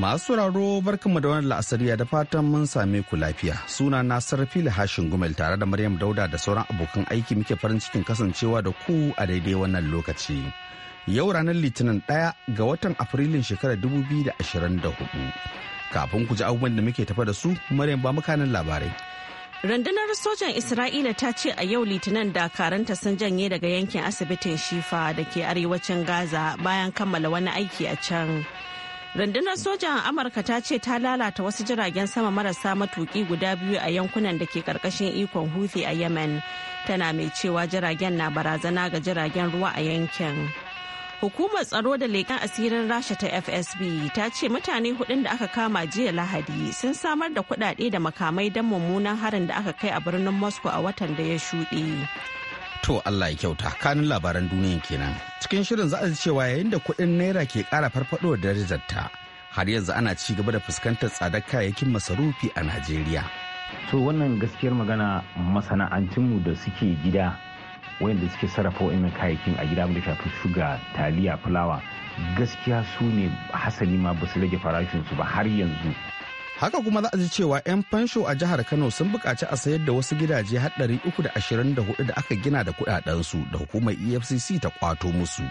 Masu sauraro barkanmu da wani la'asariya da fatan mun same ku lafiya. Suna na sarfi hashin gumel tare da Maryam Dauda da sauran abokan aiki muke farin cikin kasancewa da ku a daidai wannan lokaci. Yau ranar Litinin ɗaya ga watan Afrilun shekarar 2024. Kafin ku ji abubuwan da muke tafa da su, Maryam ba mukanin labarai. Rundunar sojan Isra'ila ta ce a yau Litinin dakaranta sun janye daga yankin asibitin Shifa da ke arewacin Gaza bayan kammala wani aiki a can. rundunar sojan amurka ta ce ta lalata wasu jiragen sama marasa matuki guda biyu a yankunan da ke karkashin ikon huthi a yemen tana mai cewa jiragen na barazana ga jiragen ruwa a yankin hukumar tsaro da leƙen asirin rasha ta fsb ta ce mutane hudun da aka kama jiya lahadi sun samar da kuɗaɗe da makamai don mummunan harin da aka kai a birnin moscow a watan da ya shuɗe To Allah ya kyauta kanin labaran duniyan kenan. Cikin shirin za a ji cewa yayin da kuɗin naira ke ƙara farfaɗo da darajarta har yanzu ana ci gaba da fuskantar tsadar kayayyakin masarufi a Najeriya. To wannan gaskiyar magana masana'antunmu da suke gida wayanda suke sarrafa wa'in kayayyakin a gida da shafi shuga taliya fulawa gaskiya su ne hasali ma ba su rage farashinsu ba har yanzu haka kuma za a ji cewa 'yan fansho a jihar kano sun buƙaci a sayar da wasu gidaje haɗari uku da ashirin da hudu da aka gina da kuɗaɗensu da hukumar efcc ta kwato musu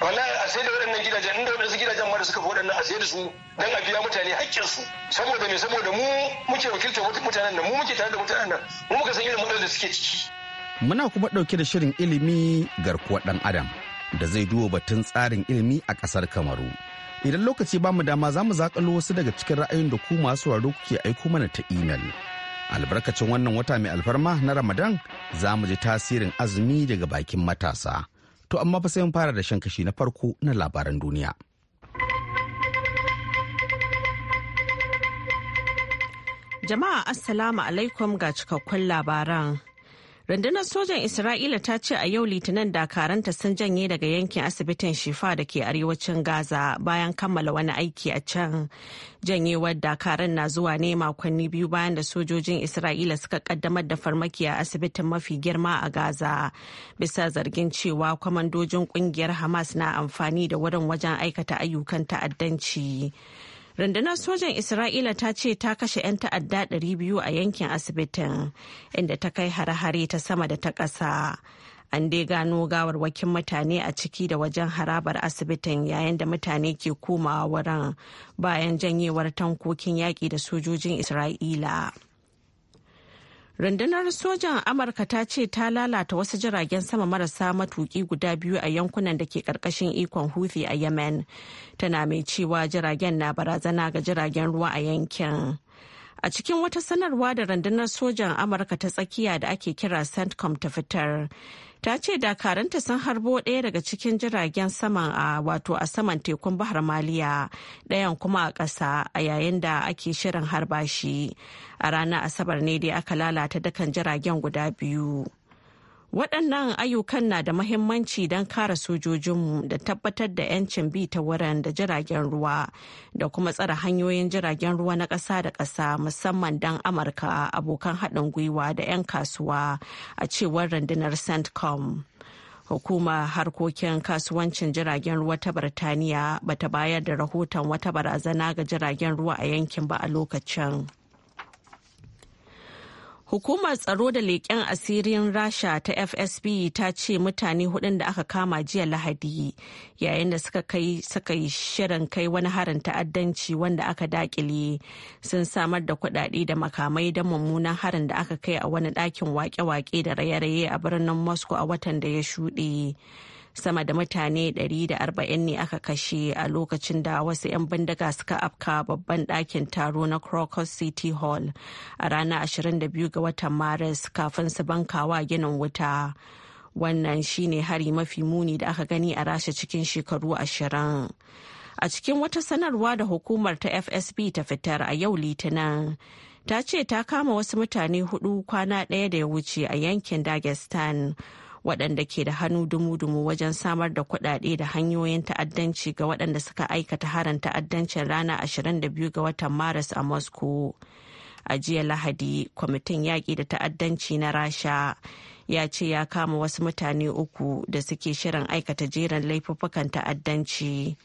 wallahi a sayar da waɗannan gidajen inda waɗansu gidajen ma da suka fi waɗannan a sayar da su don a biya mutane haƙƙinsu saboda me saboda mu muke wakiltar mutanen nan mu muke tare da mutanen nan mu muka san irin matsalar da suke ciki muna kuma ɗauke da shirin ilimi garkuwar ɗan adam da zai duba batun tsarin ilimi a ƙasar kamaru idan lokaci ba mu dama za mu zakalo wasu daga cikin ra'ayin da ku masu sauraro kuke aiko mana ta imel albarkacin wannan wata mai alfarma na ramadan za mu ji tasirin azumi daga bakin matasa to amma fa sai mun fara da shan kashi na farko na labaran duniya jama'a assalamu alaikum ga cikakkun labaran Rundunar sojan Isra'ila ta ce a yau litinin dakaranta sun janye daga yankin asibitin Shifa da ke arewacin Gaza bayan kammala wani aiki a can. Janyewar dakaran na zuwa ne makonni biyu bayan da sojojin Isra'ila suka kaddamar da farmaki a asibitin mafi girma a Gaza. Bisa zargin cewa kwamandojin kungiyar Hamas na amfani da wurin wajen aikata ayyukan ta'addanci. rundunar sojan isra'ila ta ce ta kashe 'yan ta'adda 200 a yankin asibitin inda ta kai hare-hare ta sama da ta ƙasa an dai gano gawarwakin mutane a ciki da wajen harabar asibitin yayin da mutane ke komawa wurin bayan janyewar tankokin yaƙi da sojojin isra'ila rundunar sojan amurka ta ce ta lalata wasu jiragen sama marasa matuki guda biyu a yankunan da ke karkashin ikon houthi a yemen tana mai cewa jiragen na barazana ga jiragen ruwa a yankin a cikin wata sanarwa da rundunar sojan amurka ta tsakiya da ake kira centcom ta fitar ta ce dakaranta sun harbo ɗaya daga cikin jiragen saman a wato a saman tekun bahar maliya ɗayan kuma a ƙasa a yayin da ake shirin harba shi a ranar asabar ne dai aka lalata dukan jiragen guda biyu. Waɗannan ayyukan na da mahimmanci don kare sojojinmu da tabbatar da 'yancin bi ta wurin da jiragen ruwa da kuma tsare hanyoyin jiragen ruwa na ƙasa da ƙasa musamman don Amurka abokan haɗin gwiwa da 'yan kasuwa a cewar rundunar CENTCOM. hukumar harkokin kasuwancin jiragen ruwa ta birtaniya bata bayar da rahoton wata barazana ga jiragen ruwa a yankin ba a lokacin. Hukumar tsaro da leƙen asirin Rasha ta FSB ta ce mutane hudun da aka kama jiya Lahadi yayin da suka kai suka yi shirin kai wani harin ta'addanci wanda aka dakile sun samar da kuɗaɗe da makamai don mummunan harin da aka kai a wani ɗakin wake-wake da raye-raye a birnin Moscow a watan da ya shuɗe. sama da mutane 140 ne aka kashe a lokacin da wasu 'yan bindiga suka afka babban ɗakin taro na crocus city hall a ranar 22 ga watan maris kafin su bankawa ginin wuta wannan shine hari mafi muni da aka gani a rasha cikin shekaru ashirin. a cikin wata sanarwa da hukumar ta fsb ta fitar a yau litinin ta ce ta kama wasu mutane hudu kwana ɗaya da ya wuce a yankin dagestan waɗanda ke da hannu dumu-dumu wajen samar da kuɗaɗe da hanyoyin ta'addanci ga waɗanda suka aikata harin ta'addancin rana 22 ga watan maris a moscow a jiya lahadi kwamitin yaƙi da ta'addanci na rasha ya ce ya kama wasu mutane uku da suke shirin aikata jerin laifuffukan ta'addanci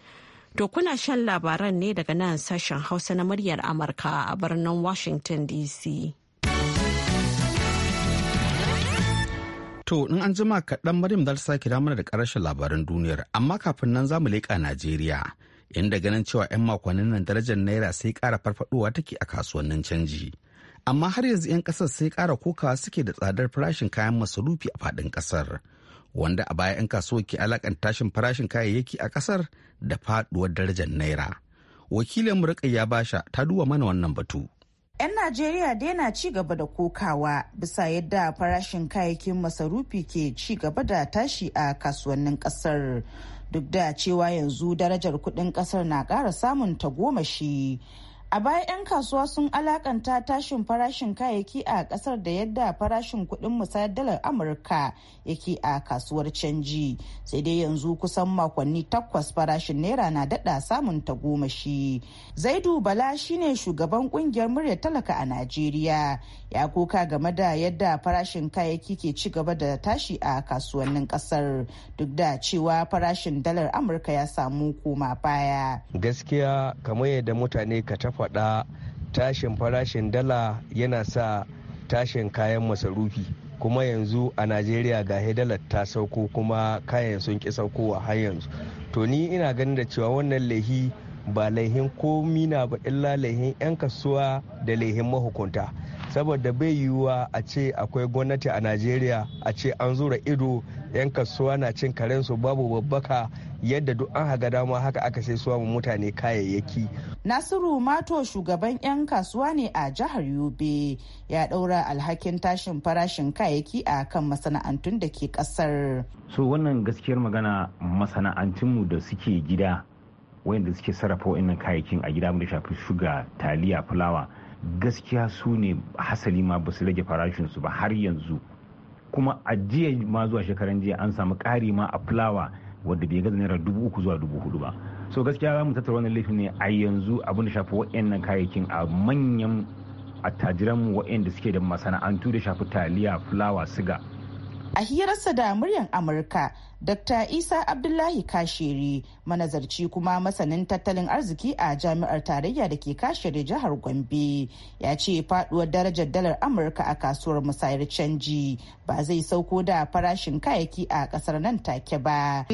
to kuna shan labaran ne daga nan sashen hausa na muryar amurka a birnin washington dc To, in an jima kaɗan Maryam za ta sake damar da ƙarashin labaran duniyar, amma kafin nan za mu leƙa Najeriya, inda ganin cewa 'yan makonnin nan darajar Naira sai kara farfaɗowa take a kasuwannin canji. Amma har yanzu 'yan ƙasar sai kara kokawa suke da tsadar farashin kayan masarufi a faɗin ƙasar, wanda a baya 'yan kasuwa ke alaƙan tashin farashin kayayyaki a ƙasar da faɗuwar darajar Naira. Wakilin Murƙa ya basha ta duba mana wannan batu. 'Yan Najeriya dai ci gaba da kokawa bisa yadda farashin kayayyakin masarufi ke ci gaba da tashi a kasuwannin kasar. Duk da cewa yanzu darajar kudin kasar na ƙara samun tagomashi A baya 'yan kasuwa sun alakanta tashin farashin kayayyaki a kasar da yadda farashin kuɗin musayar dalar Amurka yake a kasuwar canji. Sai dai yanzu kusan makonni takwas farashin naira na daɗa samun ta tagomashi. Zaidu Bala shine shugaban ƙungiyar murya talaka a Najeriya. ya kuka game da yadda farashin kayayyaki ke ci gaba da tashi a kasuwannin kasar duk da cewa farashin dalar amurka ya samu koma baya gaskiya kamar yadda mutane ka ta faɗa tashin farashin dala yana sa tashin kayan masarufi kuma yanzu a najeriya ga dalar ta sauko kuma kayan sun ki saukowa har yanzu to ni ina ganin da cewa wannan laihi ba laihin komi na ba illa laihin 'yan kasuwa da laihin mahukunta saboda bai yiwuwa a ce akwai gwamnati a najeriya a ce an zura ido 'yan kasuwa na cin karensu babu babbaka yadda duk an haga dama haka aka sai suwa mutane kayayyaki. Nasiru Mato shugaban 'yan kasuwa ne a jihar Yobe ya daura alhakin tashin farashin kayayyaki a kan masana'antun da ke kasar. So wannan gaskiyar magana masana'antunmu da suke gida wayanda suke sarrafa wa'annan kayayyakin a gida mu da shafi shuga, taliya, fulawa gaskiya su ne hasali ma ba su rage farashinsu ba har yanzu kuma a jiya ma zuwa shekaran jiya an samu ƙari ma a fulawa wadda bai gaza naira dubu uku zuwa dubu hudu ba so gaskiya za mu tattara wannan laifin ne a yanzu abin da shafi waɗannan kayayyakin a manyan attajiranmu waɗanda suke da masana'antu da shafi taliya fulawa siga A hirarsa da muryar Amurka, Dr. Isa Abdullahi Kashiri, manazarci kuma masanin tattalin arziki a jami'ar tarayya da ke kashiri jihar Gombe, ya ce faduwar darajar dalar Amurka a kasuwar musayar canji ba zai sauko da farashin kayaki a kasar nan take ba.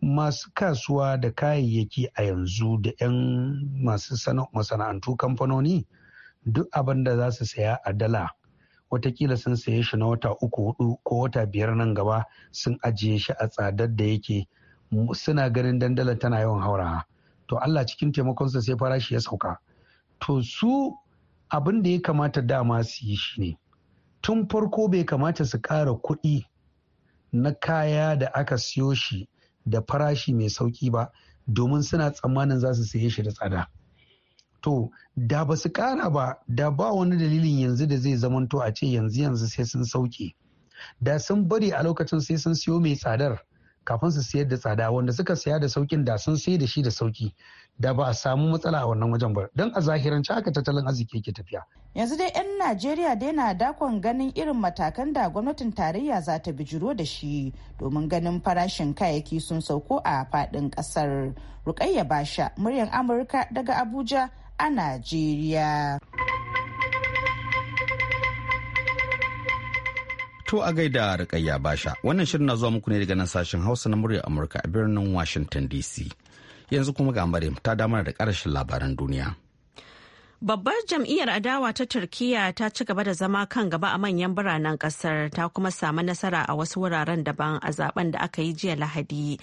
masu kasuwa da kayayyaki a yanzu da 'yan masu masana'antu kamfanoni duk abin da za su saya a dala watakila sun saye shi na wata uku hudu ko wata biyar nan gaba sun ajiye shi a tsadar da yake suna ganin dandala tana yawan haurawa to Allah cikin taimakon taimakonsa sai farashi ya sauka to su abin da ya kamata dama su yi shi ne tun farko bai kamata su ƙara kuɗi na kaya da aka siyo shi da farashi mai sauƙi ba domin suna tsammanin za su saye shi da tsada. to da ba su kara ba da ba wani dalilin yanzu da zai zamanto a ce yanzu yanzu sai sun sauke da sun bari a lokacin sai sun siyo mai tsadar kafin su siyar da tsada wanda suka saya da saukin da sun sai da shi da sauki da ba a samu matsala a wannan wajen ba don a zahiran haka tattalin arziki yake tafiya yanzu dai 'yan najeriya dai na dakon ganin irin matakan da gwamnatin tarayya za ta bijiro da shi domin ganin farashin kayayyaki sun sauko a faɗin ƙasar rukayya basha muryar amurka daga abuja a Najeriya. To a gaida rikayya Basha, wannan shirin na zuwa muku ne daga nan sashen Hausa na muryar Amurka a birnin Washington DC. Yanzu kuma ga Maryam ta damar da ƙarashin labaran duniya. Babbar jam'iyyar adawa ta Turkiyya ta ci gaba da zama kan gaba a manyan biranen kasar ta kuma samu nasara a wasu wuraren daban a zaben da aka yi jiya Lahadi.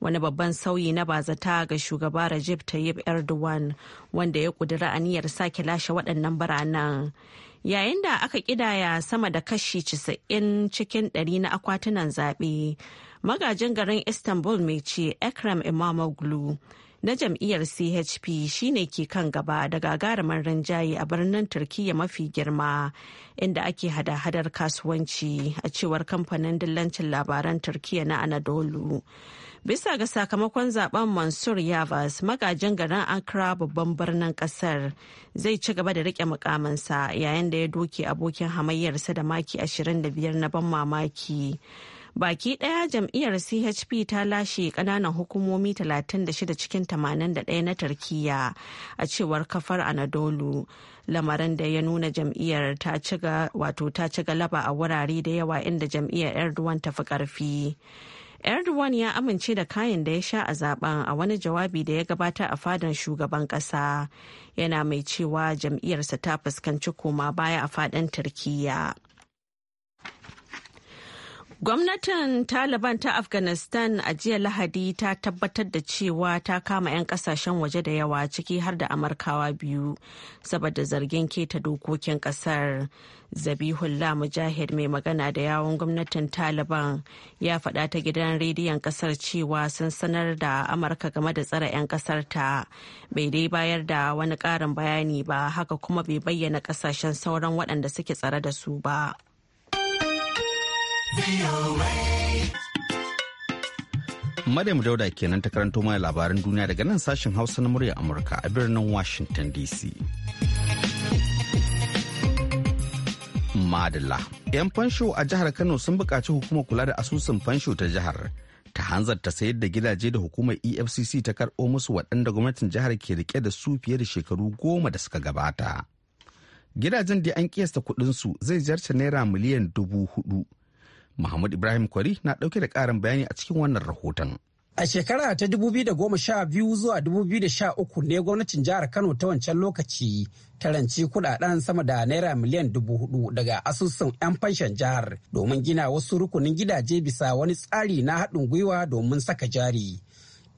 Wani babban sauyi na bazata ga shugaba Recep Tayyip Erdogan wanda ya kudura aniyar sake lashe waɗannan biranen. Yayin da aka kidaya sama da kashi 90 cikin ɗari na akwatunan zaɓe, magajin garin Istanbul mai ce Ekrem Imamoglu. na jam'iyyar chp shine ke kan gaba da gagarumin rinjaye a birnin turkiyya mafi girma inda ake hada-hadar kasuwanci a cewar kamfanin dillancin labaran turkiyya na anadolu bisa ga sakamakon zaben mansur yavas magajin garin accra babban birnin kasar zai ci gaba da rike mukamansa yayin da ya doke abokin hamayyarsa da maki 25 na ban mamaki baki daya jam'iyyar chp ta lashe kananan hukumomi 36 cikin 81 na turkiya a cewar kafar anadolu lamarin da ya nuna jam'iyyar ta ci galaba a wurare da yawa inda jam'iyyar erdogan ta fi karfi erdogan ya amince da kayan da ya sha a zaben a wani jawabi da ya gabata a fadan shugaban kasa yana mai cewa jam'iyyarsa ta fuskanci koma baya a fadin Turkiyya. Gwamnatin Taliban ta Afghanistan a jiya Lahadi ta tabbatar da cewa ta kama 'yan kasashen waje da yawa ciki har da Amurkawa biyu saboda zargin keta dokokin kasar. Zabihullah Mujahid mai magana da yawon gwamnatin Taliban ya faɗa ta gidan rediyon kasar cewa sun sanar da Amurka game da tsare 'yan kasar ta bai dai bayar da wani ƙarin bayani ba haka kuma bai bayyana kasashen sauran waɗanda suke tsare da su ba. Maryam Dauda kenan ta karanto mana labaran duniya daga nan sashen Hausa na muryar Amurka a birnin Washington DC. Madalla. 'Yan fansho a jihar Kano sun buƙaci hukumar kula da asusun fansho ta jihar ta hanzar ta sayar da gidaje da hukumar EFCC ta karɓo musu waɗanda gwamnatin jihar ke rike da su fiye da shekaru goma da suka gabata. Gidajen da an kiyasta kuɗinsu zai zarce naira miliyan dubu hudu Muhammad Ibrahim Kwari na ɗauke da karin bayani a cikin wannan rahoton. A shekara ta 2012 zuwa 2013 ne gwamnatin jihar Kano ta wancan lokaci ta ranci kudaden sama da naira miliyan 4,000 daga asusun 'yan fanshan jihar domin gina wasu rukunin gidaje bisa wani tsari na haɗin gwiwa domin saka jari.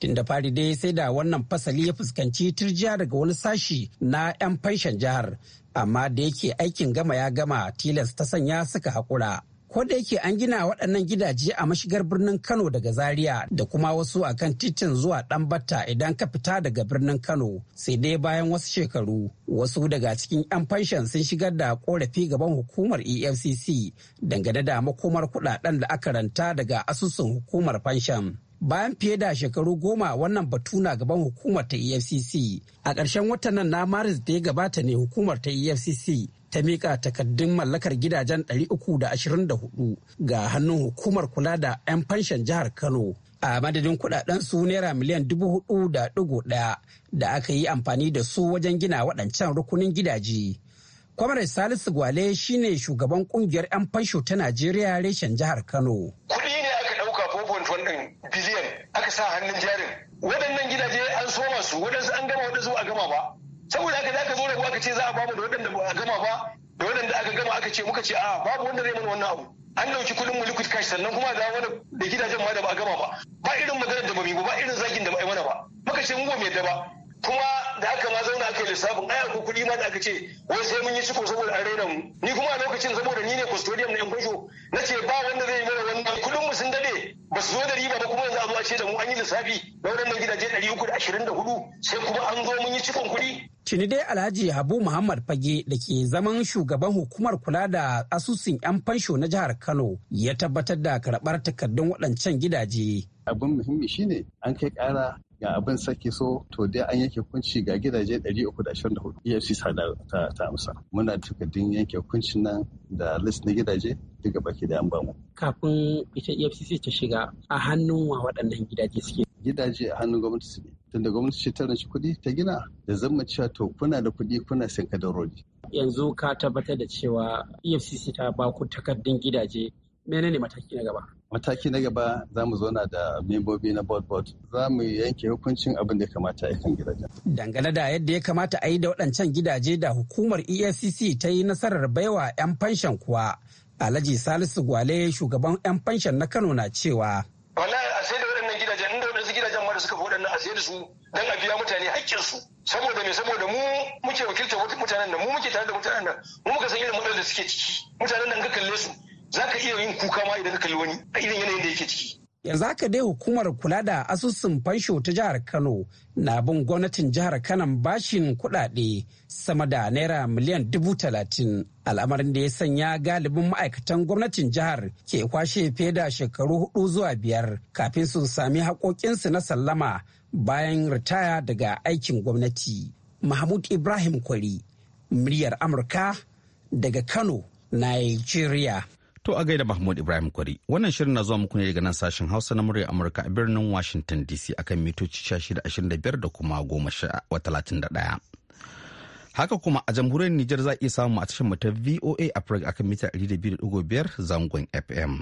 Tun da fari dai sai da wannan fasali ya fuskanci turjiya daga wani sashi na 'yan fanshan jihar, amma da yake aikin gama ya gama tilas ta sanya suka haƙura. ko da yake an gina waɗannan gidaje a mashigar birnin kano daga zaria da kuma wasu a kan titin zuwa batta idan ka fita daga birnin kano sai dai bayan wasu shekaru wasu daga cikin 'yan fanshan sun shigar da korafi gaban hukumar efcc dangane da makomar kuɗaɗen da aka ranta daga asusun hukumar fanshan bayan fiye da shekaru goma wannan batu na gaban hukumar ta efcc a ƙarshen watan nan na maris da ya gabata ne hukumar ta efcc ta miƙa takaddun mallakar gidajen 324 ga hannun hukumar kula da 'yan fanshan jihar Kano a madadin kudaden su naira miliyan dubu hudu da dugu daya da aka yi amfani da su wajen gina waɗancan rukunin gidaje. Kwamar Salisu Gwale shine shugaban kungiyar 'yan fansho ta Najeriya reshen jihar Kano. Kuɗi ne aka ɗauka 4.1 biliyan aka sa hannun jarin. Waɗannan gidaje an soma su, waɗansu an gama waɗansu a gama ba. saboda haka za ka zo rayuwa ka ce za a babu da waɗanda ba a gama ba da waɗanda aka gama aka ce muka ce a babu wanda zai mana wannan abu an dauki kudin mu liquid cash sannan kuma da wani da gidajen ma da ba a gama ba ba irin maganar da ba mu ba irin zagin da ba a mana ba muka ce mu ba mu yadda ba kuma da aka ma zauna ake lissafin ai ko kuɗi ma da aka ce wai sai mun yi ciko saboda an raina mu ni kuma a lokacin saboda ni ne custodian na yan na ce ba wanda zai mana wannan kuɗin mu sun dade ba su zo da riba ba kuma yanzu a zuwa ce da mu an yi lissafi na waɗannan gidaje 324 sai kuma an zo mun yi cikon kuɗi. Cini dai Alhaji Habu Muhammad Fage da ke zaman shugaban hukumar kula da asusun 'yan fansho na jihar Kano ya tabbatar da karɓar takardun waɗancan gidaje. abin muhimmi shine an kai ƙara. ga abin sake so to dai an yanke hukunci ga gidaje 324 efcc ta, ta amsa muna da takardun yanke hukuncin nan da list na gidaje daga baki da an bamu kafin ita efcc ta shiga a hannun wa waɗannan gidaje suke gidaje a hannun gwamnati su ne tunda gwamnati ce ta ranci kuɗi ta gina da zama cewa to kuna da kuɗi kuna da rodi. yanzu ka tabbatar da cewa efcc ta ba ku takardun gidaje menene mataki na gaba mataki na gaba za mu zauna da membobi na board board za mu yanke hukuncin abin da ya kamata a kan gidajen. dangane da yadda ya kamata a yi da waɗancan gidaje da hukumar efcc ta yi nasarar baiwa 'yan fanshan kuwa alhaji salisu gwale shugaban 'yan fanshan na kano na cewa wallahi a sai da waɗannan gidajen inda waɗansu gidajen ma da suka fi waɗannan a sai da su don a biya mutane haƙƙinsu saboda me saboda mu muke wakiltar mutanen nan mu muke tare da mutanen nan mu muka san irin matsalar da suke ciki mutanen nan ka kalle su za ka iya yin kuka ma idan ka kalli wani a irin yanayin da yake ciki. yanzu haka dai hukumar kula da asusun fansho ta jihar kano na bin gwamnatin jihar kanan bashin kudade sama da naira miliyan dubu talatin al'amarin da ya sanya galibin ma'aikatan gwamnatin jihar ke kwashe fiye da shekaru hudu zuwa biyar kafin su sami haƙoƙinsu na sallama bayan ritaya daga aikin gwamnati mahmud ibrahim kwari muryar amurka daga kano nigeria To a gaida Mahmud Ibrahim Kwari, wannan shirin na zuwa muku ne daga nan sashen Hausa na murya Amurka a birnin Washington DC akan mitoci 1625 da kuma 1031. Haka kuma a jamhuriyar Nijar za a iya samu a tashar ta VOA Africa akan mita 200.5 zangon FM.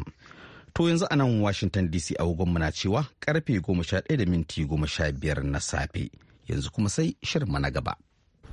To yanzu a nan Washington DC a wugon muna cewa karfe 11 da minti 15 na safe. Yanzu kuma sai shirin na gaba.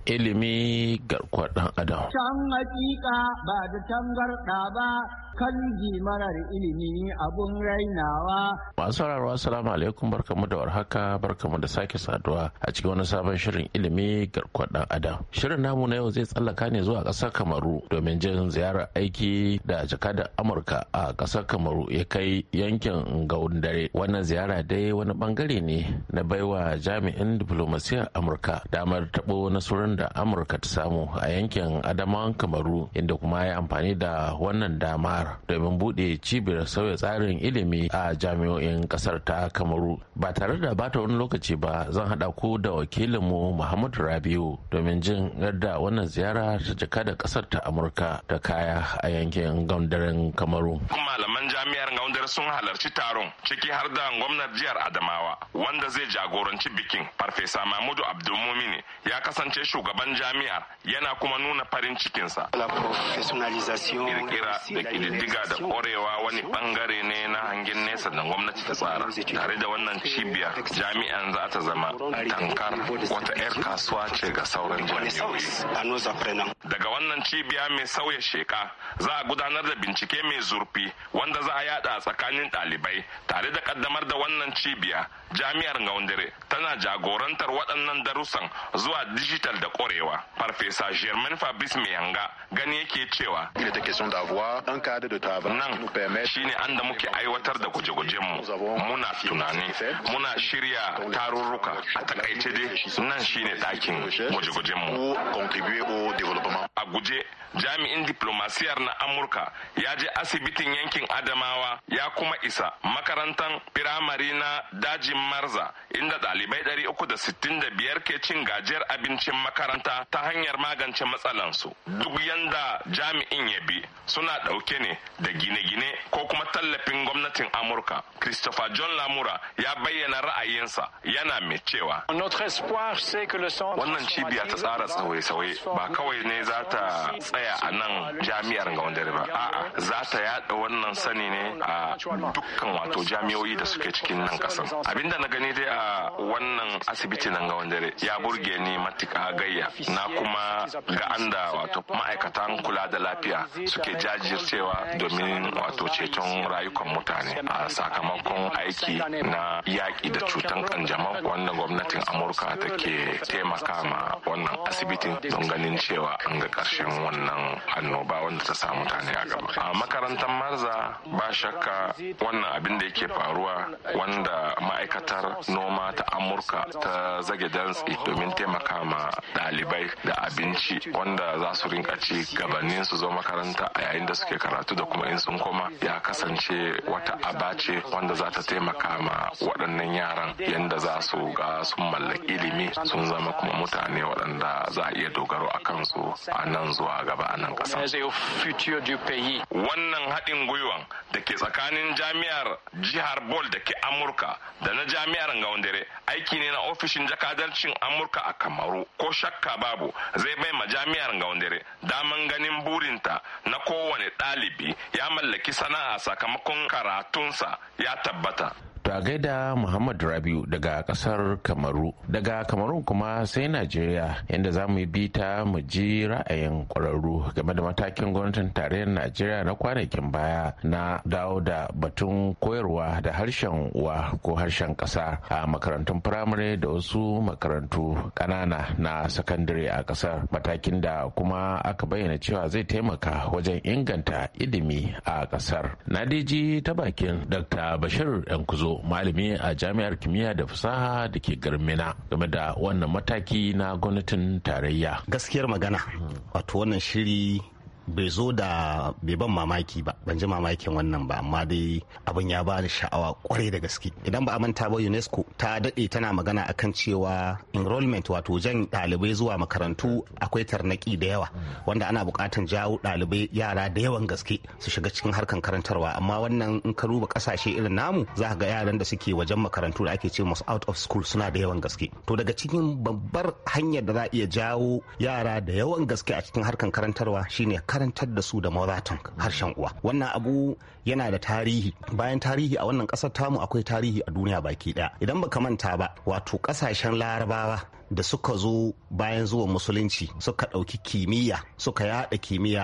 Ilimi garkuwar ɗan adam. Can hakika ba da tangarɗa ba kanji mana da ilimi abun rainawa. Masu sauraro assalamu alaikum barkamu da warhaka barkamu da sake saduwa a cikin wani sabon shirin ilimi garkuwar dan adam. Shirin namu na yau zai tsallaka ne zuwa ƙasar Kamaru domin jin ziyarar aiki da jakadar Amurka a ƙasar Kamaru ya kai yankin gaun dare. Wannan ziyara dai wani bangare ne na baiwa jami'in diplomasiyar Amurka damar taɓo nasarorin da Amurka ta samu a yankin Adamawan Kamaru inda kuma ya amfani da wannan damar. jihar domin bude cibiyar sauya tsarin ilimi a jami'o'in kasar ta kamaru ba tare da bata wani lokaci ba zan hada ku da wakilinmu muhammadu rabiu domin jin yadda wannan ziyara ta jika da kasar ta amurka ta kaya a yankin gaundaren kamaru malaman jami'ar gaundar sun halarci taron ciki har da gwamnar jihar adamawa wanda zai jagoranci bikin farfesa mahmudu abdulmumini ya kasance shugaban jami'ar yana kuma nuna farin cikinsa. Kira-kira da diga da korewa wani bangare ne na hangen nesa da gwamnati ta tsara. Tare da wannan cibiya jami'an za ta zama tankar wata 'yar kasuwa ce ga sauran jami'o'i. Daga wannan cibiya mai sauya sheka za a gudanar da bincike mai zurfi wanda za a yada a tsakanin ɗalibai tare da kaddamar da wannan cibiya jami'ar Ngaundere tana jagorantar waɗannan darussan zuwa digital da korewa Farfesa Germain Fabrice yanga gani yake cewa. nan shi ne an da muke aiwatar da guje-gujenmu muna tunani muna shirya tarurruka a takaice dai nan shi ne ɗakin guje-gujenmu a guje jami'in diplomasiyar na amurka ya je asibitin yankin adamawa ya kuma isa makarantar firamare na dajin marza inda ɗalibai 365 ke cin gajiyar abincin makaranta ta hanyar magance matsalansu duk yanda jami'in ya bi suna ɗauke ne da gine-gine ko kuma tallafin gwamnatin amurka christopher john lamura ya bayyana ra'ayinsa yana mai cewa wannan cibiya ta tsara sauye-sauye ba kawai ne za ta tsaya a nan jami'ar gaundare ba a'a za ta yada wannan sani ne a dukkan wato jami'o'i da suke cikin nan kasan abinda na gani dai a wannan asibiti nan gaundare ya burge ni matuka gayya na kuma ga anda wato ma'aikatan kula da lafiya suke jajircewa domin wato ceton rayukan mutane a sakamakon aiki na yaƙi da cutan kanjamau Wanda gwamnatin amurka take taimaka ma wannan asibitin don ganin cewa an ga ƙarshen wannan annoba wanda ta sa mutane a gaba a makarantar marza ba shakka wannan abin da yake faruwa wanda ma'aikatar noma ta amurka ta zage dantsi domin taimaka ma ɗalibai da abinci wanda za su rinka ci gabanin su zo makaranta a yayin da suke karatu da kuma in sun koma ya kasance wata abace ce wanda za ta taimaka ma waɗannan yaran yadda za su ga sun mallaki ilimi sun zama kuma mutane waɗanda za a iya dogaro a kansu a nan zuwa gaba a nan Wannan haɗin gwiwan da ke tsakanin jami'ar jihar Bol da ke Amurka da na jami'ar ngawandere aiki ne na ofishin jakadarcin Amurka a Kamaru ko shakka babu zai bai ma jami'ar ngawandere daman ganin burinta na kowane ɗalibi ya mallaki sana'a sakamakon karatunsa ya tabbata To a gaida Muhammad Rabiu daga kasar Kamaru. Daga Kamarun kuma sai Najeriya inda za mu yi bita mu ji ra'ayin ƙwararru game da matakin gwamnatin tarayyar Najeriya na kwanakin baya na dawo da batun koyarwa da harshen uwa ko harshen ƙasa a makarantun firamare da wasu makarantu ƙanana na sakandare a ƙasar matakin da kuma aka bayyana cewa zai taimaka wajen inganta ilimi a ƙasar. Nadiji ta bakin Dr. Bashir Yankuzo malami a jami'ar kimiyya da fasaha da ke garin mina game da wannan mataki na gwamnatin tarayya gaskiyar magana wato wannan shiri bai zo da bai ban mamaki ba ban ji mamakin wannan ba amma dai abin ya bani sha'awa kwarai da gaske idan ba a manta ba unesco ta daɗe tana magana akan cewa enrollment wato jan ɗalibai zuwa makarantu akwai tarnaki da yawa wanda ana bukatan jawo ɗalibai yara da yawan gaske su shiga cikin harkan karantarwa amma wannan in ka duba ƙasashe irin namu za ga yaran da suke wajen makarantu da ake ce masu out of school suna da yawan gaske to daga cikin babbar hanyar da za a iya jawo yara da yawan gaske a cikin harkan karantarwa shine karantar da su da mawatan harshen uwa wannan abu yana da tarihi bayan tarihi a wannan kasar tamu akwai tarihi a duniya baki ɗaya idan baka manta ba wato kasashen larabawa da suka zo bayan zuwan musulunci suka ɗauki kimiyya suka yada kimiyya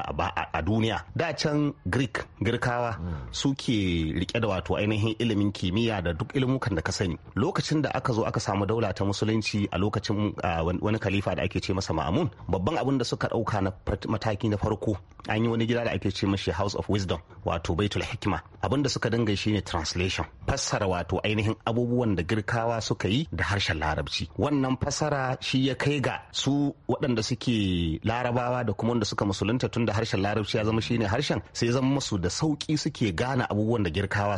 a duniya da can greek girkawa suke rike da wato ainihin ilimin kimiyya da duk ilimukan da ka sani lokacin da aka zo aka samu daula ta musulunci a lokacin wani kalifa da ake ce masa ma'amun babban abin da suka ɗauka na mataki na farko an yi wani gida da ake ce mashi house of wisdom wato baitul hikima abin da suka dinga shine translation fassara wato ainihin abubuwan da girkawa suka yi da harshen larabci wannan fassara shi ya kai ga su waɗanda suke larabawa da kuma wanda suka musulunta tun da harshen larabci ya zama shine harshen sai zama musu da sauki suke gane abubuwan da girkawa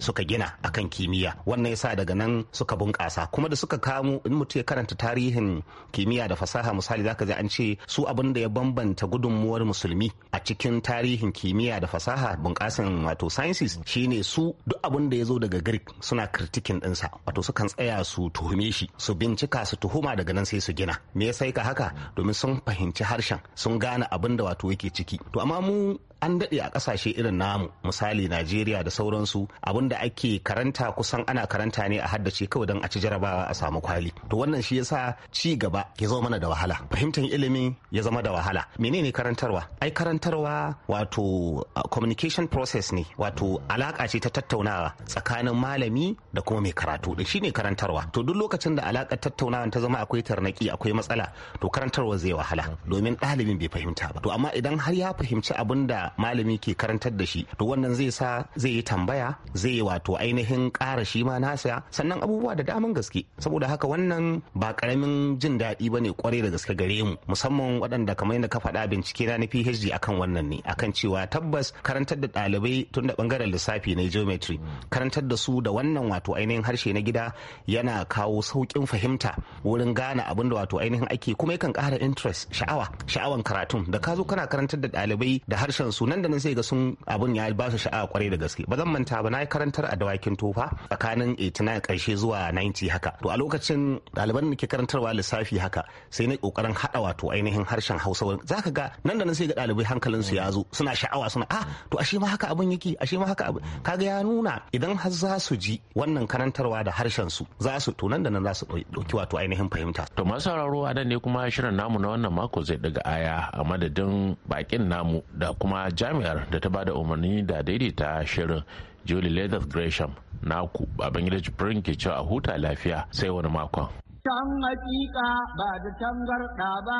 suka gina akan kimiyya wannan yasa daga nan suka bunƙasa kuma da suka kamo in mutum ya karanta tarihin kimiyya da fasaha misali zaka ji an ce su abin da ya bambanta gudunmuwar musulmi a cikin tarihin kimiyya da fasaha bunƙasan wato sciences shine su duk abin da ya zo daga greek suna kritikin ɗinsa wato sukan tsaya su tuhume shi su bincika su tuhuma daga nan sai su gina me ya sai ka haka domin sun fahimci harshen sun gane abin da wato yake ciki to amma mu an daɗe a ƙasashe irin namu misali najeriya da sauransu abinda ake karanta kusan ana karanta ne a haddace kawai don a ci jarabawa a samu kwali to wannan shi yasa ci gaba ya zama mana da wahala fahimtar ilimi ya zama da wahala menene karantarwa ai karantarwa wato communication process ne wato alaƙa ce ta tattaunawa tsakanin malami da kuma mai karatu da shine karantarwa to duk lokacin da alakar tattaunawa ta zama akwai tarnaki akwai matsala to karantarwa zai wahala domin ɗalibin bai fahimta ba to amma idan har ya fahimci abin da malami ke karantar da shi to wannan zai sa zai yi tambaya zai yi wato ainihin ƙara shi ma nasa sannan abubuwa da daman gaske saboda haka wannan ba karamin jin daɗi ba ne kwarai da gaske gare mu musamman waɗanda kamar yadda ka faɗa bincike na PhD akan wannan ne akan cewa tabbas karantar da ɗalibai tun da ɓangaren lissafi na geometry karantar da su da wannan wato ainihin harshe na gida yana kawo sauƙin fahimta wurin gane abin da wato ainihin ake kuma yakan ƙara interest sha'awa sha'awan karatun da ka zo kana karantar da ɗalibai da harshen su su nan da nan sai ga sun abun ya ba su sha'a kwarai da gaske ba zan manta ba na yi karantar a dawakin tofa tsakanin 89 karshe zuwa 90 haka to a lokacin ɗaliban da ke karantarwa lissafi haka sai na kokarin haɗa wato ainihin harshen hausa zaka ga nan da nan sai ga ɗalibai hankalin su ya zo suna sha'awa suna ah to ashe ma haka abun yake ashe ma haka abun kaga ya nuna idan har za su ji wannan karantarwa da harshen su za su to nan da nan za su ɗauki wato ainihin fahimta to masu sauraro a nan ne kuma shirin namu na wannan mako zai daga aya a madadin bakin namu da kuma jami'ar da ta bada umarni da daidaita shirin julie leather gresham naku babangida jibrin ke cewa a huta lafiya sai wani makon can hakika ba da tangarɗa ba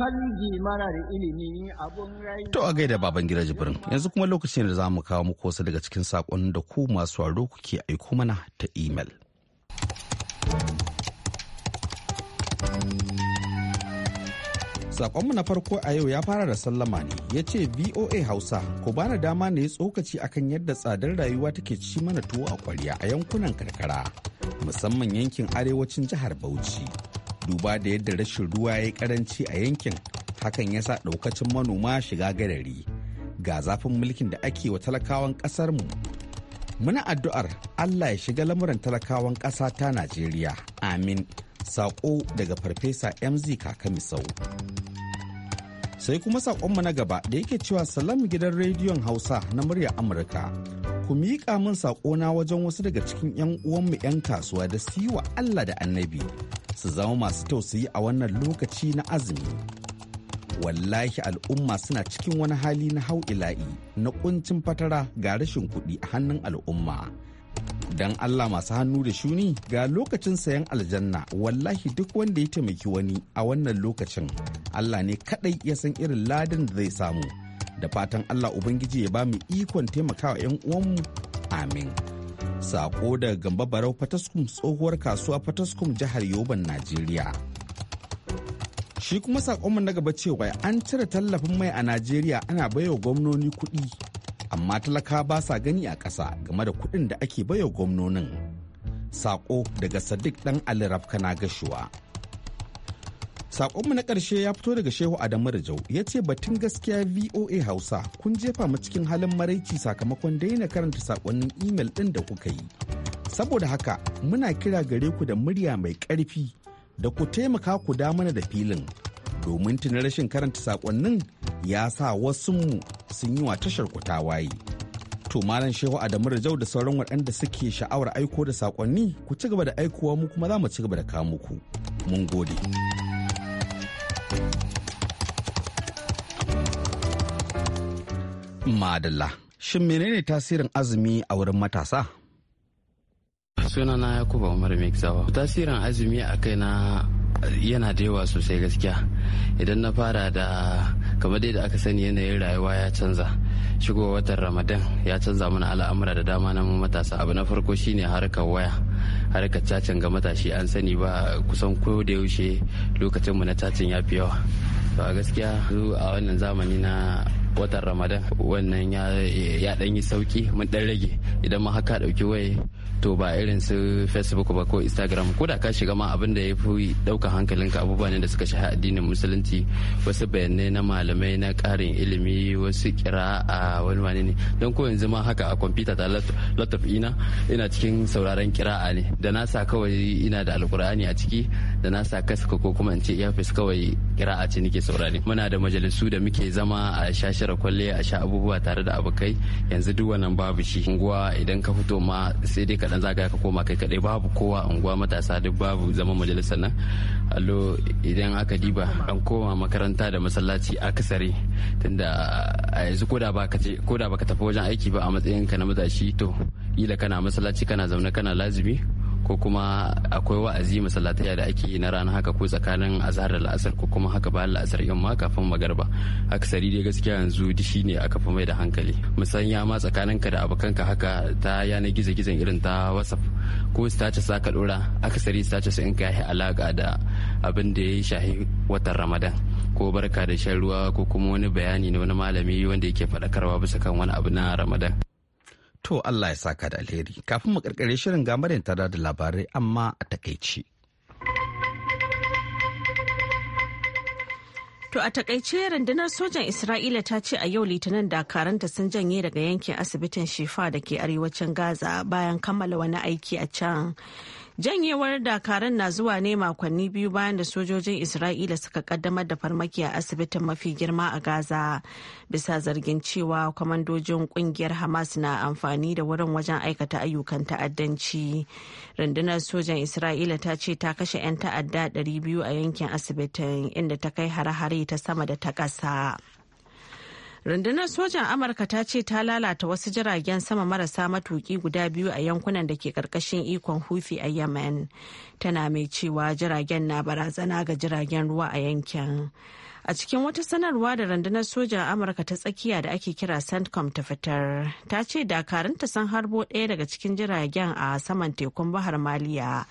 kan marar ilimi abun rai. To a gaida baban gida jibrin yanzu kuma lokacin da za mu kawo muku wasu daga cikin saƙon da ku masu waro kuke aiko mana ta imel. Sakonmu na farko a yau ya fara da sallama ne ya ce VOA Hausa ku bani dama ne tsokaci akan yadda tsadar rayuwa take ci mana tuwo a kwarya a yankunan karkara musamman yankin arewacin jihar Bauchi. Duba da yadda rashin ruwa ya yi karanci a yankin hakan ya sa ɗaukacin manoma shiga gadari ga zafin mulkin da ake wa talakawan mu Muna addu'ar Allah ya shiga lamuran talakawan ƙasa ta Najeriya. Amin. sako daga Farfesa MZ Kakamisau. sai kuma saƙonmu na gaba da yake cewa salam gidan rediyon hausa na murya amurka ku miƙa min saƙona wajen wasu daga cikin 'yan uwanmu 'yan kasuwa da su yi wa allah da annabi su zama masu tausayi a wannan lokaci na azumi wallahi al'umma suna cikin wani hali na hau ila'i na kuncin fatara ga rashin kuɗi a hannun al'umma dan Allah masu hannu da shuni ga lokacin sayan aljanna wallahi duk wanda ya taimaki wani a wannan lokacin Allah ne kadai ya san irin ladin da zai samu da fatan Allah Ubangiji ya ba mu ikon taimakawa 'yan uwanmu amin sako da gamba barau fataskum tsohuwar kasuwa fataskum jihar yoban najeriya shi kuma sakonmu na gaba cewa an cire tallafin mai a najeriya ana baiwa gwamnoni kuɗi amma talaka ba sa gani a ƙasa game da kuɗin da ake baiwa gwamnonin saƙo daga sadiq ɗan ali rafkana gashuwa Saƙonmu na ƙarshe ya fito daga Shehu Adamu Rajau ya ce batun gaskiya VOA Hausa kun jefa mu cikin halin maraici sakamakon daina karanta sakonnin imel ɗin da kuka yi. Saboda haka muna kira gare ku da murya mai ƙarfi da ku taimaka ku da da filin. Domin tuni rashin karanta sakonnin ya sa wasu mu. sun yi wa tashar waye To Malam Shehu Adamu Rajau da sauran waɗanda suke sha'awar aiko da sakonni ku ci gaba da aikowa mu kuma za mu ci gaba da kawo muku. Mun gode. Madalla, shin menene tasirin azumi a wurin matasa? Sunana Yakuba Umar Mekzawa. Tasirin azumi a kaina yana da yawa sosai gaskiya. Idan na fara da kamar dai da aka sani yanayin rayuwa ya canza shigo watan ramadan ya canza mana al'amura da dama na matasa abu na farko shine harkar waya harkar cacin ga matashi an sani ba kusan ko da yaushe lokacin mu na cacin ya fi yawa to a gaskiya a wannan zamani na watan ramadan wannan ya dan yi sauki mun dan rage idan ma haka ɗauki waye to ba irin su facebook ba ko instagram ko da ka shiga ma abin da ya fi ɗaukar hankalinka abubuwa ne da suka shaha addinin musulunci wasu bayanai na malamai na karin ilimi wasu kira a wani wani ne don ko yanzu ma haka a kwamfuta ta laptop ina ina cikin sauraron a ne da na sa kawai ina da alkur'ani a ciki da na sa kaska ko kuma in ce iyafis kawai kira ce nake saurare muna da majalisu da muke zama a shashara kwalle a sha abubuwa tare da abokai yanzu duk wannan babu shi unguwa idan ka fito ma sai dai ka dan za ka koma kai kadai babu kowa unguwa matasa duk babu zaman majalisar nan allo idan aka diba an koma makaranta da masallaci akasari tunda a yanzu koda ka tafi wajen aiki ba a matsayin ka na matashi to kila kana masallaci kana zaune kana lazimi ko kuma akwai wa'azi masallatai da ake yi na rana haka ko tsakanin azhar da la'asar ko kuma haka bayan la'asar yamma kafin magarba akasari dai gaskiya yanzu shi ne aka fi mai da hankali musanya ma ka da abokanka haka ta yanar gizo-gizon irin ta whatsapp ko status ka dora akasari status in ka yi alaka da abin da ya shahi watan ramadan ko barka da shan ruwa ko kuma wani bayani na wani malami wanda yake faɗakarwa bisa kan wani abu na ramadan To Allah ya saka da alheri. Kafin mu karkare shirin ga tara da labarai amma a takaici. To a takaice rundunar sojan Isra'ila ta ce a yau litinin dakaranta sun janye daga yankin asibitin Shifa da ke arewacin Gaza bayan kammala wani aiki a can. Janyewar dakaran na zuwa ne makonni biyu bayan da sojojin Isra'ila suka kaddamar da farmaki a asibitin mafi girma a Gaza bisa zargin cewa kwamandojin kungiyar Hamas na amfani da wurin wajen aikata ayyukan ta'addanci. Rundunar sojan Isra'ila ta ce ta kashe 'yan ta'adda 200 a yankin asibitin inda ta kai hare-hare ta sama da ta ƙasa. rundunar sojan amurka ta ce ta lalata wasu jiragen sama marasa matuki guda biyu a yankunan da ke karkashin ikon hufi a yemen tana mai cewa jiragen na barazana ga jiragen ruwa a yankin a cikin wata sanarwa da rundunar sojan amurka ta tsakiya da ake kira centcom ta fitar ta ce dakarunta sun harbo ɗaya daga cikin jiragen a saman tekun bahar maliya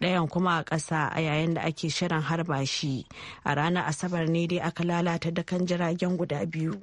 ɗayan kuma a ƙasa a yayin da ake shirin harba shi a ranar asabar ne dai aka lalata dakan jiragen guda biyu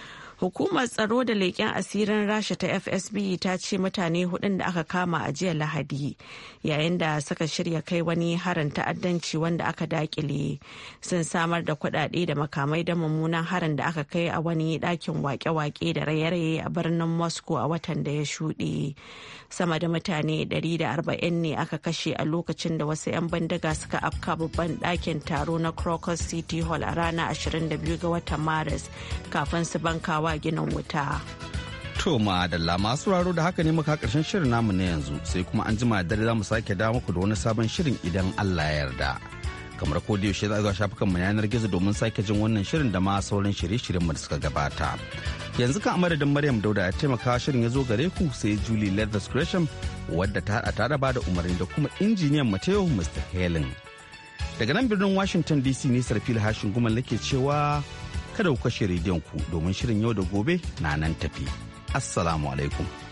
Hukumar tsaro da leƙen asirin Rasha ta FSB ta ce mutane hudun da aka kama a jiya Lahadi yayin da suka shirya kai wani harin ta'addanci wanda aka dakile sun samar da kudade da makamai da mummunan harin da aka kai a wani dakin wake-wake da raye-raye a birnin Moscow a watan da ya shuɗe. Sama da mutane 140 ne aka kashe a lokacin da wasu 'yan bandaga suka afka babban dakin taro na Crocus City Hall a ranar 22 ga watan Maris kafin su bankawa wa ginin wuta. To da masu sauraro da haka ne muka karshen shirin namu na yanzu sai kuma an jima dare za mu sake dawo muku da wani sabon shirin idan Allah ya yarda. Kamar ko da yaushe za a zuwa shafukan mu yanar gizo domin sake jin wannan shirin da ma sauran shirye-shiryen mu da suka gabata. Yanzu kan amadadin Maryam Dauda ya taimaka shirin ya zo gare ku sai Julie Leathers Gresham wadda ta haɗa ta ba da umarni da kuma injiniyan Mateo Mr. Helen. Daga nan birnin Washington DC ne Sarfil Hashin Guman nake cewa kada ku kashe rediyon ku domin shirin yau da gobe na nan tafi assalamu alaikum